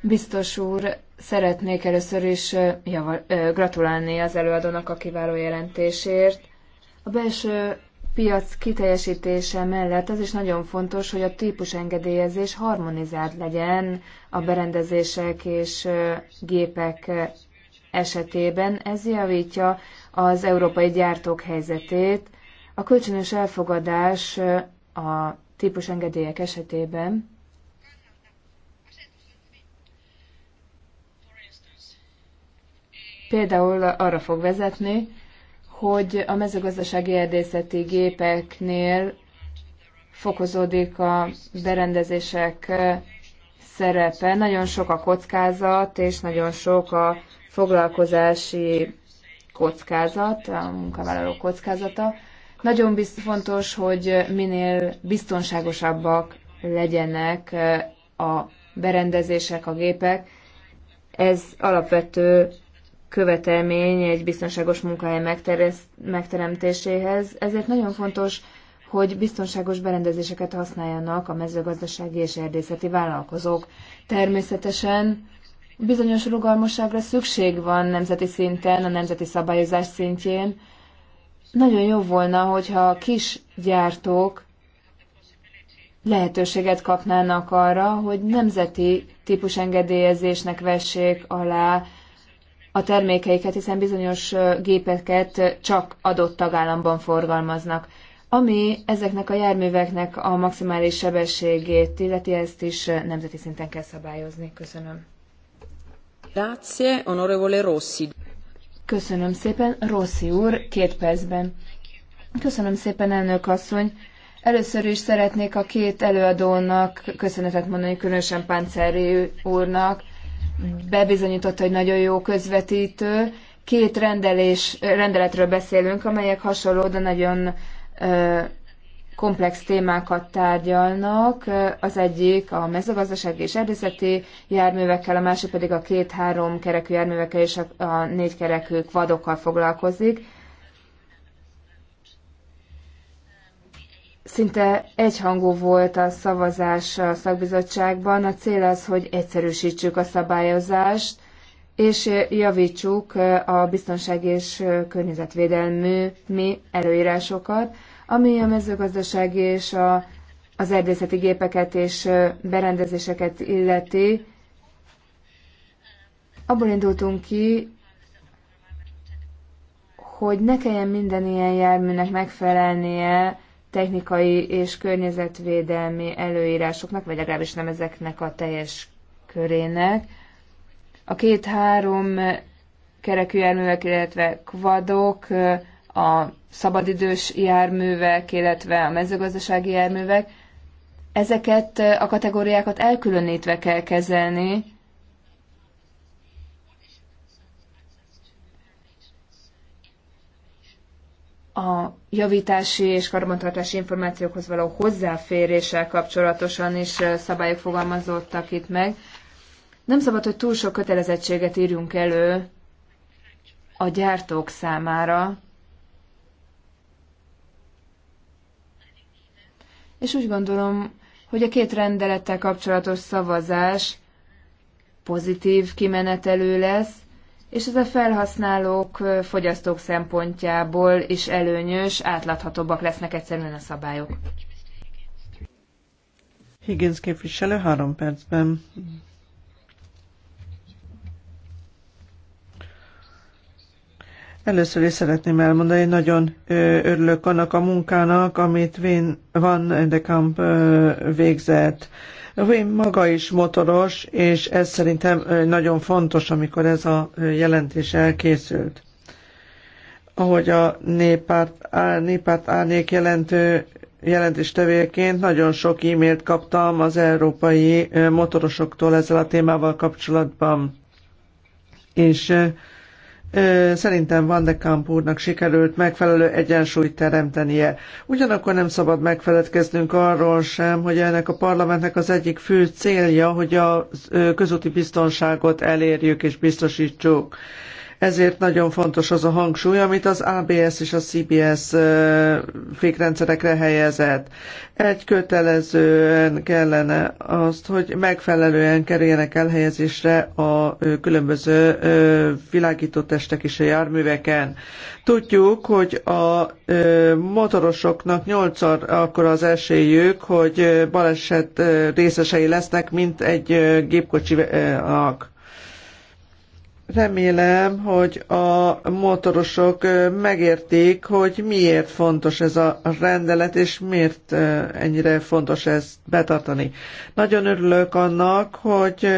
Biztos úr, szeretnék először is javar, gratulálni az előadónak a kiváló jelentésért. A belső piac kiteljesítése mellett az is nagyon fontos, hogy a típusengedélyezés harmonizált legyen a berendezések és gépek esetében. Ez javítja az európai gyártók helyzetét. A kölcsönös elfogadás a típusengedélyek esetében például arra fog vezetni, hogy a mezőgazdasági erdészeti gépeknél fokozódik a berendezések szerepe. Nagyon sok a kockázat, és nagyon sok a foglalkozási kockázat, a munkavállaló kockázata. Nagyon bizt, fontos, hogy minél biztonságosabbak legyenek eh, a berendezések, a gépek. Ez alapvető követelmény egy biztonságos munkahely megteremtéséhez, ezért nagyon fontos, hogy biztonságos berendezéseket használjanak a mezőgazdasági és erdészeti vállalkozók. Természetesen Bizonyos rugalmasságra szükség van nemzeti szinten, a nemzeti szabályozás szintjén. Nagyon jó volna, hogyha a kis gyártók lehetőséget kapnának arra, hogy nemzeti típusengedélyezésnek vessék alá a termékeiket, hiszen bizonyos gépeket csak adott tagállamban forgalmaznak. Ami ezeknek a járműveknek a maximális sebességét illeti, ezt is nemzeti szinten kell szabályozni. Köszönöm. Grazie, onorevole Rossi. Köszönöm szépen, Rossi úr, két percben. Köszönöm szépen, elnök asszony. Először is szeretnék a két előadónak köszönetet mondani, különösen Páncéri úrnak. Bebizonyította, hogy nagyon jó közvetítő. Két rendelés, rendeletről beszélünk, amelyek hasonló, de nagyon komplex témákat tárgyalnak, az egyik a mezőgazdasági és erdészeti járművekkel, a másik pedig a két-három kerekű járművekkel és a négy kerekű vadokkal foglalkozik. Szinte egyhangú volt a szavazás a szakbizottságban. A cél az, hogy egyszerűsítsük a szabályozást, és javítsuk a biztonság és környezetvédelmi előírásokat ami a mezőgazdasági és a, az erdészeti gépeket és berendezéseket illeti. Abból indultunk ki, hogy ne kelljen minden ilyen járműnek megfelelnie technikai és környezetvédelmi előírásoknak, vagy legalábbis nem ezeknek a teljes körének. A két-három kerekű járművek, illetve kvadok, a szabadidős járművek, illetve a mezőgazdasági járművek, ezeket a kategóriákat elkülönítve kell kezelni, a javítási és karbantartási információkhoz való hozzáféréssel kapcsolatosan is szabályok fogalmazottak itt meg. Nem szabad, hogy túl sok kötelezettséget írjunk elő a gyártók számára, és úgy gondolom, hogy a két rendelettel kapcsolatos szavazás pozitív kimenetelő lesz, és ez a felhasználók, fogyasztók szempontjából is előnyös, átláthatóbbak lesznek egyszerűen a szabályok. Higgins képviselő három percben. Először is szeretném elmondani, hogy nagyon örülök annak a munkának, amit Wien van de Kamp végzett. Wien maga is motoros, és ez szerintem nagyon fontos, amikor ez a jelentés elkészült. Ahogy a népárt, á, néppárt árnyék jelentő jelentéstevéként nagyon sok e-mailt kaptam az európai motorosoktól ezzel a témával kapcsolatban. És Szerintem Van de Kamp úrnak sikerült megfelelő egyensúlyt teremtenie. Ugyanakkor nem szabad megfeledkeznünk arról sem, hogy ennek a parlamentnek az egyik fő célja, hogy a közúti biztonságot elérjük és biztosítsuk. Ezért nagyon fontos az a hangsúly, amit az ABS és a CBS fékrendszerekre helyezett. Egy kötelezően kellene azt, hogy megfelelően kerüljenek elhelyezésre a különböző világító testek is a járműveken. Tudjuk, hogy a motorosoknak nyolcszor akkor az esélyük, hogy baleset részesei lesznek, mint egy gépkocsinak Remélem, hogy a motorosok megértik, hogy miért fontos ez a rendelet, és miért ennyire fontos ezt betartani. Nagyon örülök annak, hogy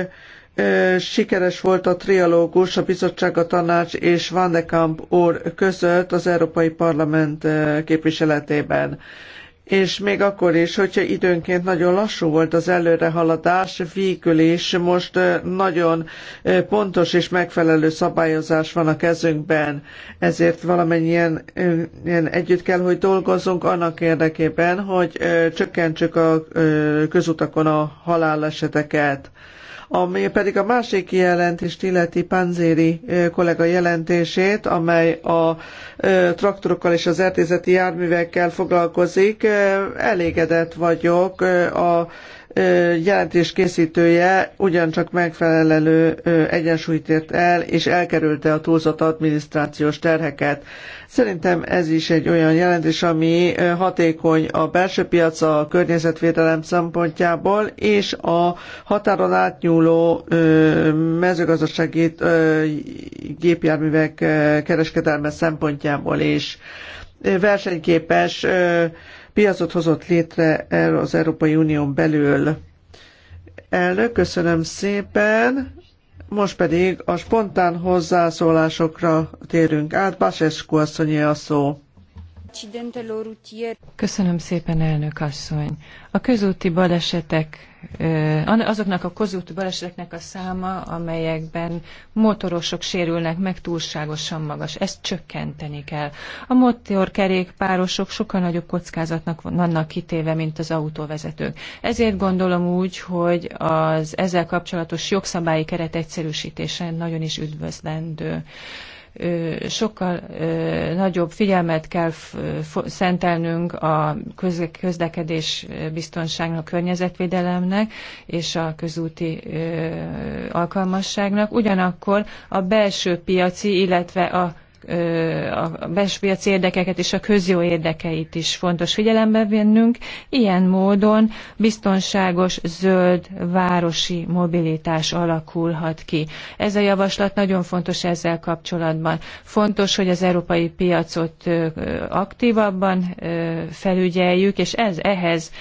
sikeres volt a trialógus a bizottság, a tanács és Van de Kamp úr között az Európai Parlament képviseletében és még akkor is, hogyha időnként nagyon lassú volt az előrehaladás, végül is most nagyon pontos és megfelelő szabályozás van a kezünkben, ezért valamennyien ilyen együtt kell, hogy dolgozzunk annak érdekében, hogy csökkentsük a közutakon a haláleseteket ami pedig a másik jelentést illeti Panzéri kollega jelentését, amely a traktorokkal és az erdészeti járművekkel foglalkozik. Elégedett vagyok a jelentés készítője ugyancsak megfelelő egyensúlyt ért el, és elkerülte a túlzott adminisztrációs terheket. Szerintem ez is egy olyan jelentés, ami hatékony a belső piac, a környezetvédelem szempontjából, és a határon átnyúló mezőgazdasági gépjárművek kereskedelme szempontjából is versenyképes piacot hozott létre el az Európai Unión belül. Elnök, köszönöm szépen. Most pedig a spontán hozzászólásokra térünk át. Basescu asszonyé a szó. Köszönöm szépen, elnök asszony. A közúti balesetek azoknak a kozúti baleseteknek a száma, amelyekben motorosok sérülnek meg túlságosan magas. Ezt csökkenteni kell. A motorkerékpárosok sokkal nagyobb kockázatnak vannak kitéve, mint az autóvezetők. Ezért gondolom úgy, hogy az ezzel kapcsolatos jogszabályi keret egyszerűsítése nagyon is üdvözlendő sokkal nagyobb figyelmet kell szentelnünk a közlekedés biztonságnak, környezetvédelemnek és a közúti alkalmasságnak. Ugyanakkor a belső piaci, illetve a a belső érdekeket és a közjó érdekeit is fontos figyelembe vennünk. Ilyen módon biztonságos, zöld, városi mobilitás alakulhat ki. Ez a javaslat nagyon fontos ezzel kapcsolatban. Fontos, hogy az európai piacot aktívabban felügyeljük, és ez ehhez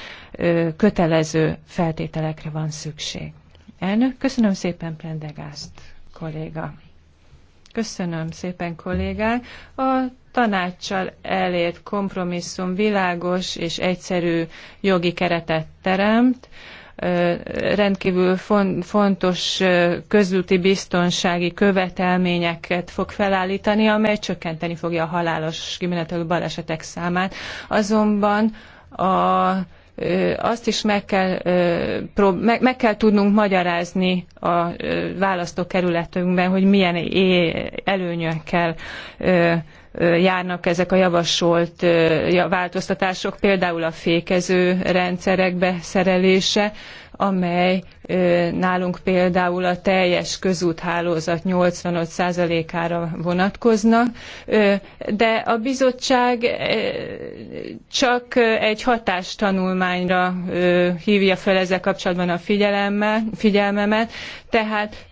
kötelező feltételekre van szükség. Elnök, köszönöm szépen Prendegázt kolléga. Köszönöm szépen, kollégák. A tanácssal elért kompromisszum világos és egyszerű jogi keretet teremt rendkívül fontos közúti biztonsági követelményeket fog felállítani, amely csökkenteni fogja a halálos kimenetelő balesetek számát. Azonban a azt is meg kell, meg, meg kell tudnunk magyarázni a választókerületünkben, hogy milyen előnyökkel járnak ezek a javasolt változtatások, például a fékező rendszerek beszerelése, amely nálunk például a teljes közúthálózat 85%-ára vonatkoznak, de a bizottság csak egy hatástanulmányra hívja fel ezzel kapcsolatban a figyelmemet, tehát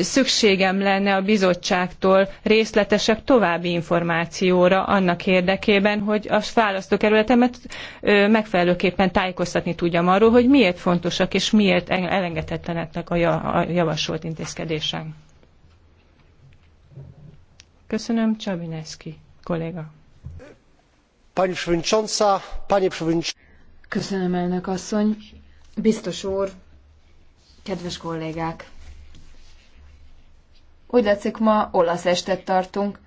szükségem lenne a bizottságtól részletesebb további információra annak érdekében, hogy a választókerületemet megfelelőképpen tájékoztatni tudjam arról, hogy miért fontos fontosak, és miért elengedhetetlenek a javasolt intézkedések. Köszönöm, Csabineszki kolléga. Pani Przewodnicząca, Panie Przewodnicząca. Köszönöm, elnök asszony. Biztos úr, kedves kollégák. Úgy látszik, ma olasz estet tartunk.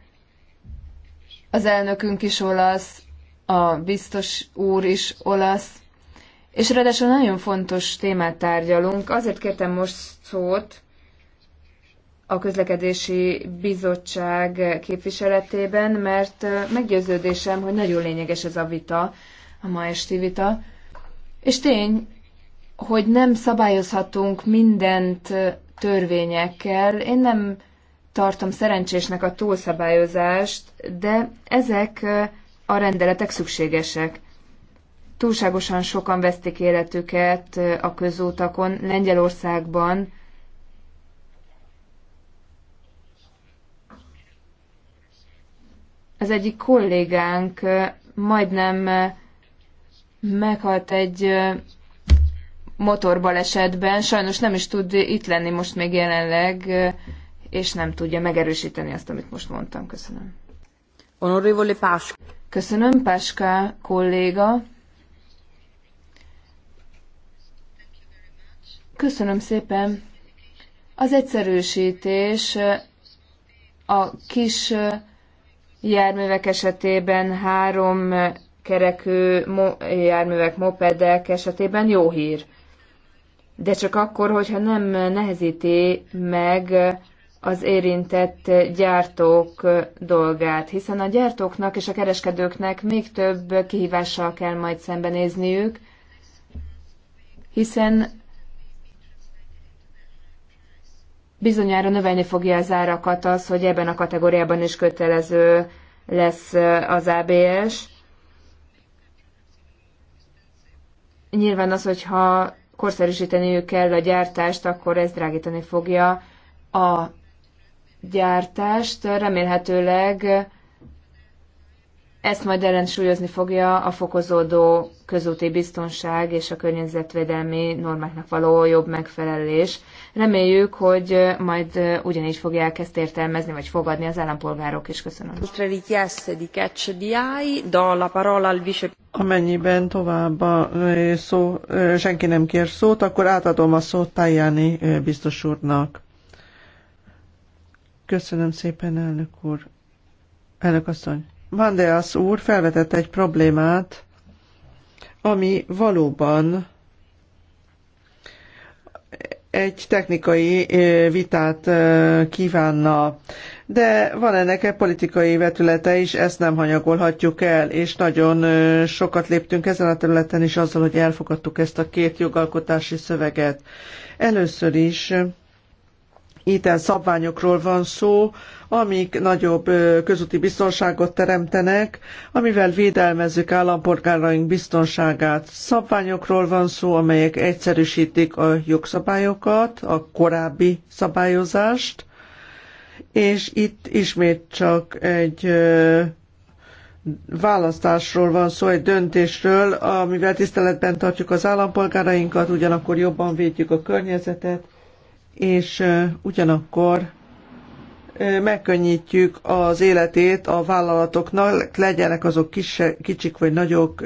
Az elnökünk is olasz, a biztos úr is olasz, és ráadásul nagyon fontos témát tárgyalunk. Azért kértem most szót a közlekedési bizottság képviseletében, mert meggyőződésem, hogy nagyon lényeges ez a vita, a ma esti vita. És tény, hogy nem szabályozhatunk mindent törvényekkel. Én nem tartom szerencsésnek a túlszabályozást, de ezek a rendeletek szükségesek túlságosan sokan vesztik életüket a közútakon. Lengyelországban az egyik kollégánk majdnem meghalt egy motorbalesetben, sajnos nem is tud itt lenni most még jelenleg, és nem tudja megerősíteni azt, amit most mondtam. Köszönöm. Honorevole Páska. Köszönöm, Páska kolléga. Köszönöm szépen. Az egyszerűsítés a kis járművek esetében három kerekű járművek, mopedek esetében jó hír. De csak akkor, hogyha nem nehezíti meg az érintett gyártók dolgát, hiszen a gyártóknak és a kereskedőknek még több kihívással kell majd szembenézniük, hiszen bizonyára növelni fogja az árakat az, hogy ebben a kategóriában is kötelező lesz az ABS. Nyilván az, hogyha korszerűsíteniük kell a gyártást, akkor ez drágítani fogja a gyártást. Remélhetőleg ezt majd ellensúlyozni fogja a fokozódó közúti biztonság és a környezetvédelmi normáknak való jobb megfelelés. Reméljük, hogy majd ugyanígy fogják ezt értelmezni vagy fogadni az állampolgárok is. Köszönöm. Amennyiben tovább eh, szó, eh, senki nem kér szót, akkor átadom a szót Tajani eh, biztos úrnak. Köszönöm szépen, elnök úr. Elnök asszony. Vandeas úr felvetett egy problémát, ami valóban egy technikai vitát kívánna. De van ennek egy politikai vetülete is, ezt nem hanyagolhatjuk el, és nagyon sokat léptünk ezen a területen is azzal, hogy elfogadtuk ezt a két jogalkotási szöveget. Először is Itten szabványokról van szó, amik nagyobb közúti biztonságot teremtenek, amivel védelmezzük állampolgáraink biztonságát. Szabványokról van szó, amelyek egyszerűsítik a jogszabályokat, a korábbi szabályozást, és itt ismét csak egy választásról van szó, egy döntésről, amivel tiszteletben tartjuk az állampolgárainkat, ugyanakkor jobban védjük a környezetet, és ugyanakkor megkönnyítjük az életét a vállalatoknak, legyenek azok kise, kicsik vagy nagyok,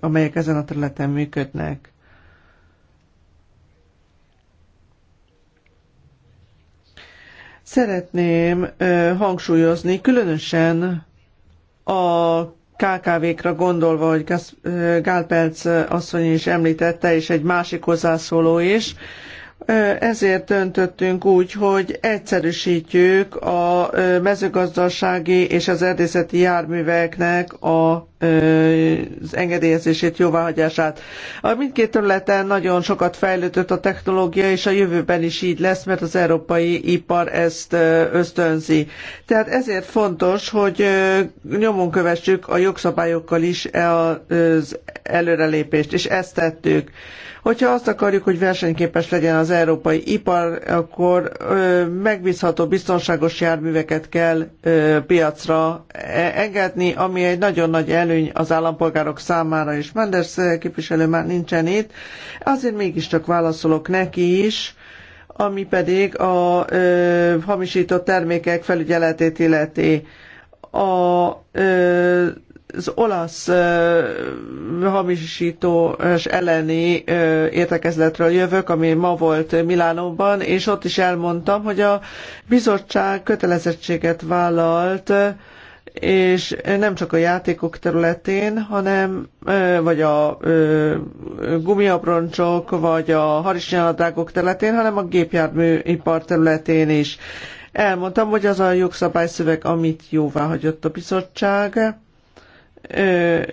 amelyek ezen a területen működnek. Szeretném hangsúlyozni, különösen a KKV-kra gondolva, hogy Gálperc asszony is említette, és egy másik hozzászóló is, ezért döntöttünk úgy, hogy egyszerűsítjük a mezőgazdasági és az erdészeti járműveknek a az engedélyezését, jóváhagyását. A mindkét területen nagyon sokat fejlődött a technológia, és a jövőben is így lesz, mert az európai ipar ezt ösztönzi. Tehát ezért fontos, hogy nyomon kövessük a jogszabályokkal is e az előrelépést, és ezt tettük. Hogyha azt akarjuk, hogy versenyképes legyen az európai ipar, akkor megbízható, biztonságos járműveket kell piacra e, engedni, ami egy nagyon nagy előny az állampolgárok számára, és Menders képviselő már nincsen itt. Azért mégiscsak válaszolok neki is, ami pedig a ö, hamisított termékek felügyeletét illeti. A ö, az olasz ö, hamisítós elleni ö, értekezletről jövök, ami ma volt Milánóban, és ott is elmondtam, hogy a bizottság kötelezettséget vállalt, és nem csak a játékok területén, hanem vagy a gumiabroncsok, vagy a harisnyaladrágok területén, hanem a gépjárműipar területén is. Elmondtam, hogy az a jogszabályszöveg, amit jóvá hagyott a bizottság,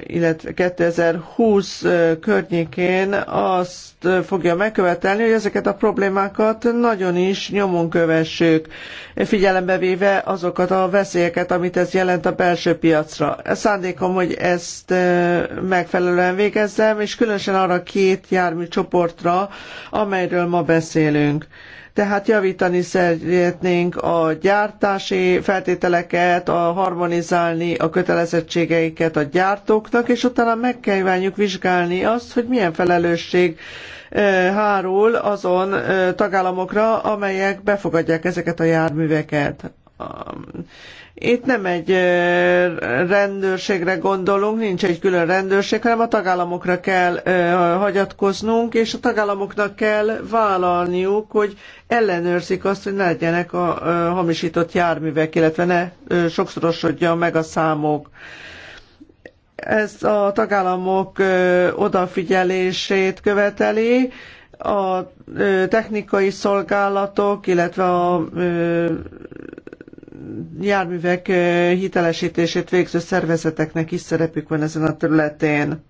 illetve 2020 környékén azt fogja megkövetelni, hogy ezeket a problémákat nagyon is nyomon kövessük, figyelembe véve azokat a veszélyeket, amit ez jelent a belső piacra. Szándékom, hogy ezt megfelelően végezzem, és különösen arra két jármű csoportra, amelyről ma beszélünk. Tehát javítani szeretnénk a gyártási feltételeket, a harmonizálni a kötelezettségeiket a gyártóknak, és utána meg kell vizsgálni azt, hogy milyen felelősség hárul azon tagállamokra, amelyek befogadják ezeket a járműveket. Itt nem egy rendőrségre gondolunk, nincs egy külön rendőrség, hanem a tagállamokra kell hagyatkoznunk, és a tagállamoknak kell vállalniuk, hogy ellenőrzik azt, hogy ne legyenek a hamisított járművek, illetve ne sokszorosodja meg a számok ez a tagállamok odafigyelését követeli, a technikai szolgálatok, illetve a járművek hitelesítését végző szervezeteknek is szerepük van ezen a területén.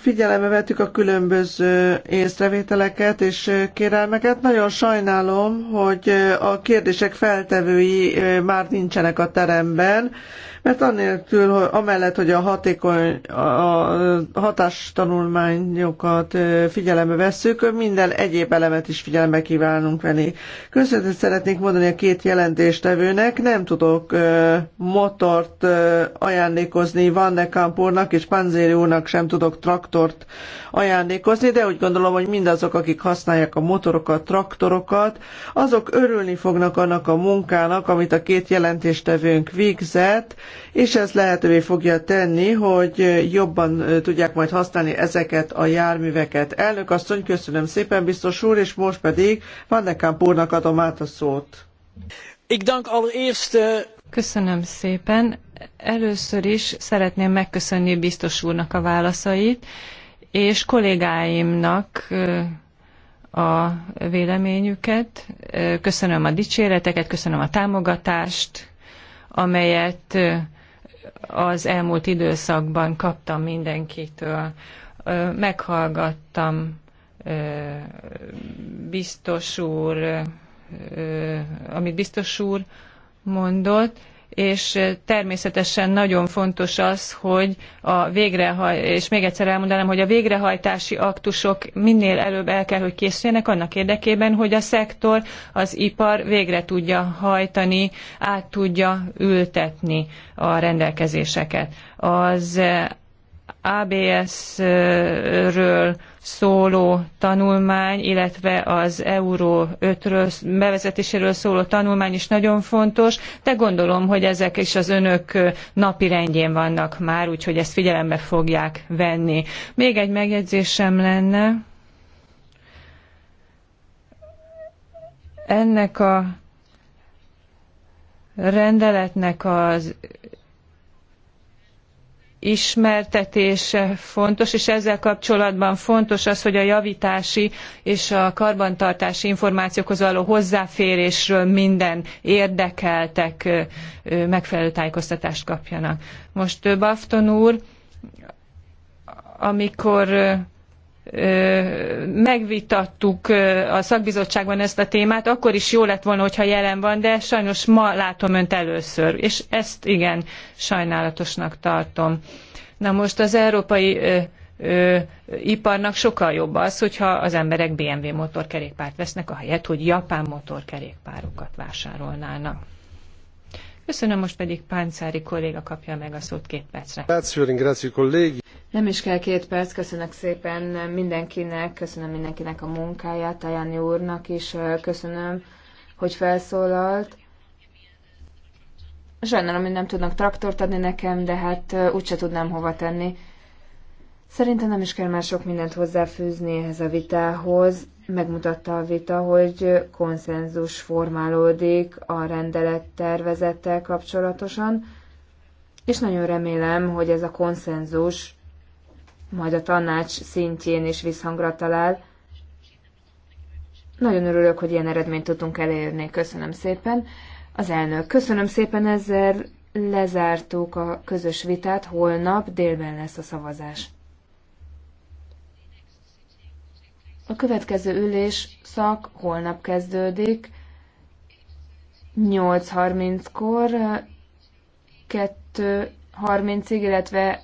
Figyelembe vettük a különböző észrevételeket és kérelmeket. Nagyon sajnálom, hogy a kérdések feltevői már nincsenek a teremben mert anélkül, hogy amellett, hogy a hatékony a hatástanulmányokat figyelembe vesszük, minden egyéb elemet is figyelembe kívánunk venni. Köszönetet szeretnék mondani a két jelentéstevőnek, nem tudok motort ajándékozni Van de Kampurnak és Panzéri úrnak sem tudok traktort ajándékozni, de úgy gondolom, hogy mindazok, akik használják a motorokat, traktorokat, azok örülni fognak annak a munkának, amit a két jelentéstevőnk végzett, és ez lehetővé fogja tenni, hogy jobban tudják majd használni ezeket a járműveket. Elnök asszony, köszönöm szépen, biztos úr, és most pedig Van de Kamp úrnak adom át a szót. Eh, köszönöm szépen. Először is szeretném megköszönni biztos úrnak a válaszait, és kollégáimnak a véleményüket. Köszönöm a dicséreteket, köszönöm a támogatást, amelyet az elmúlt időszakban kaptam mindenkitől. Meghallgattam biztos úr, amit biztos úr mondott, és természetesen nagyon fontos az, hogy a végrehaj, és még egyszer elmondanám, hogy a végrehajtási aktusok minél előbb el kell, hogy készüljenek annak érdekében, hogy a szektor, az ipar végre tudja hajtani, át tudja ültetni a rendelkezéseket. Az eh, ABS-ről eh, szóló tanulmány, illetve az Euró 5-ről bevezetéséről szóló tanulmány is nagyon fontos, de gondolom, hogy ezek is az önök napi rendjén vannak már, úgyhogy ezt figyelembe fogják venni. Még egy megjegyzésem lenne. Ennek a rendeletnek az ismertetése fontos, és ezzel kapcsolatban fontos az, hogy a javítási és a karbantartási információkhoz való hozzáférésről minden érdekeltek megfelelő tájékoztatást kapjanak. Most Bafton úr, amikor megvitattuk a szakbizottságban ezt a témát, akkor is jó lett volna, hogyha jelen van, de sajnos ma látom önt először, és ezt igen sajnálatosnak tartom. Na most az európai ö, ö, iparnak sokkal jobb az, hogyha az emberek BMW motorkerékpárt vesznek, ahelyett, hogy japán motorkerékpárokat vásárolnának. Köszönöm, most pedig Páncári kolléga kapja meg a szót két percre. Nem is kell két perc, köszönök szépen mindenkinek, köszönöm mindenkinek a munkáját, Jani úrnak is köszönöm, hogy felszólalt. Sajnálom, hogy nem tudnak traktort adni nekem, de hát úgyse tudnám hova tenni. Szerintem nem is kell már sok mindent hozzáfűzni ehhez a vitához megmutatta a vita, hogy konszenzus formálódik a rendelet tervezettel kapcsolatosan, és nagyon remélem, hogy ez a konszenzus majd a tanács szintjén is visszhangra talál. Nagyon örülök, hogy ilyen eredményt tudtunk elérni. Köszönöm szépen. Az elnök, köszönöm szépen, ezzel lezártuk a közös vitát. Holnap délben lesz a szavazás. A következő ülés szak holnap kezdődik, 8.30-kor, 2.30-ig, illetve